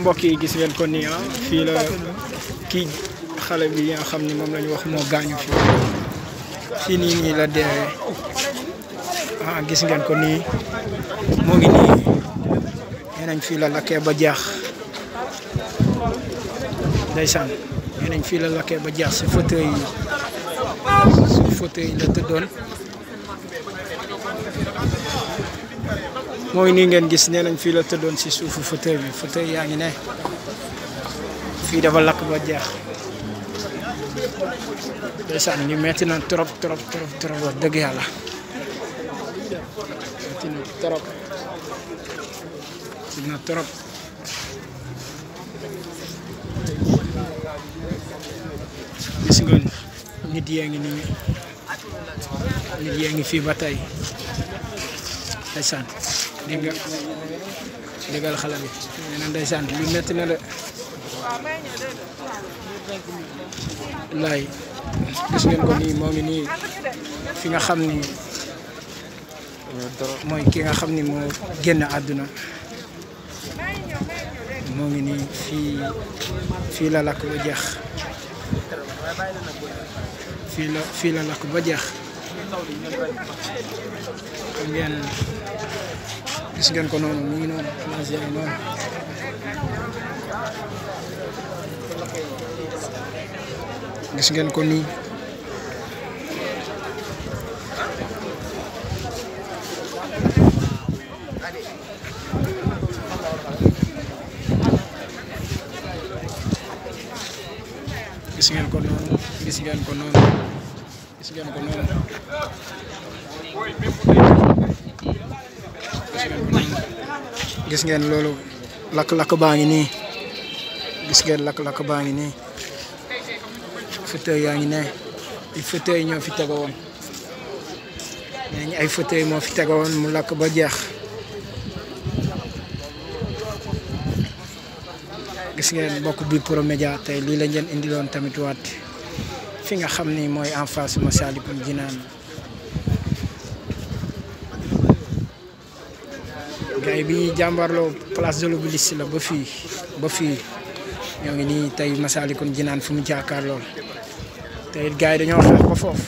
mbokk yi gis ngeen ko nii ah, fii la kii xale bi nga xam ni moom la wax moo gaañu fi fii nii nii la deewee ah gis ngeen ko nii moo ngi nii nee nañ fii la lakkee ba jeex ndeysaan nee nañ fii la lakkee ba jaax si fauteuil yi si fauteuil yi la tëddoon mooy nii ngeen gis nee nañ fii la tëddoon si suufu fauteuil bi fauteuil yaa ngi ne fii dafa lakk ba jeex ndeysaan na trop dëgg yàlla metti na trop metti na trop fii ba tey ndeysaan dégg nga déggal xale bi nee na ndeysaan li na de laay gis ko nii moo ngi nii fi nga xam ni mooy ki nga xam ni moo génn àdduna moo ngi nii fii la lakk ba jeex fii la fii la lakk ba jeex xam gis ngeen ko noonu mu ngi noonu gis ngeen ko nii gis ngeen ko noonu gis ngeen ko noonu gis ngeen loolu lakk-lakk baa ngi nii gis ngeen lakk-lakk baa ngi nii fauteuil yaa ngi ne ay fauteuil ñoo fi tegawoon nee ay fauteuil moo fi tegawoon mu lakk ba jeex gis ngeen mbokk bi promédia tey lii la ngeen indiloon tamit waat fi nga xam ni mooy en face Massalikul Jinaan gars bi jàmbarloo place de l'Obélisque la ba fii ba fii ñoo ngi nii tey Massalikul Jinaan fu mu jaakaar lool te it gars yi dañoo xeex ba foofu